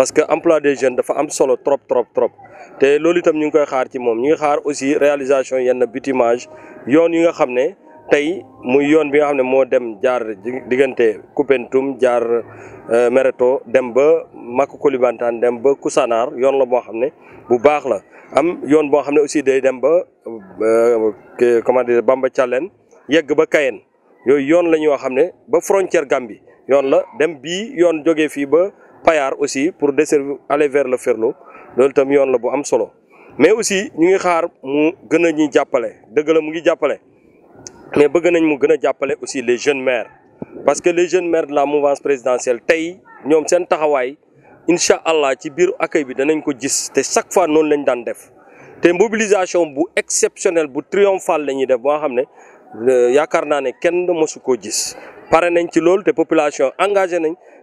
parce que emploi des jeunes dafa am solo trop trop trop té loolu itam ñu ngi koy xaar ci mom ñu ngi xaar aussi réalisation yenn bitumage yoon yi nga xamné tay muy yoon bi nga xamné mo dem jaar digënté coupentum jaar euh, Mereto dem ba Makka Koulibantane dem ba kusanar yoon la bo xamné bu baax la am yoon bo xamné aussi day dem ba euh, euh, comment dire Bamba Thialène yegg ba Kayen yoy yoon lañu xamné ba frontière Gambie yoon la dem bi yoon jógee fi ba Payar aussi pour desservir aller vers le Ferlo loolu tam yoon la bu am solo mais aussi ñu ngi xaar mu gëna ñi jappalé deug la mu ngi jappalé mais bëgg nañ mu gëna jappalé aussi les jeunes maires parce que les jeunes maires de la mouvance présidentielle tay ñom seen taxaway inshallah allah ci biir accueil bi danañ ko gis té chaque fois non lañ dan def té mobilisation bu exceptionnelle bu triomphale la def boo xamné ne euh, yaakaar naa kenn mësu ko gis paré nañ ci lool té population engagé nañ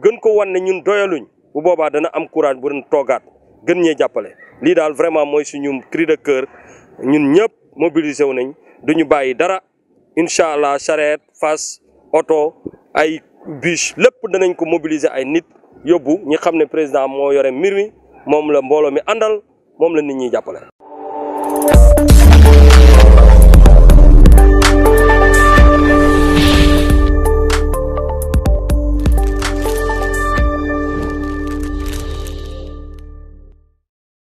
gën ko wan ne ñun doyaluñ bu boobaa dana am courage bu doon toogaat gën ñee jàppale. lii daal vraiment mooy suñu cri de cœur ñun ñëpp mobilisé wu nañ duñu bàyyi dara incha allah charrette fas oto ay bus lépp danañ ko mobiliser ay nit yóbbu ñi xam ne président moo yore mbir mi moom la mbooloo mi àndal moom la nit ñi jàppale.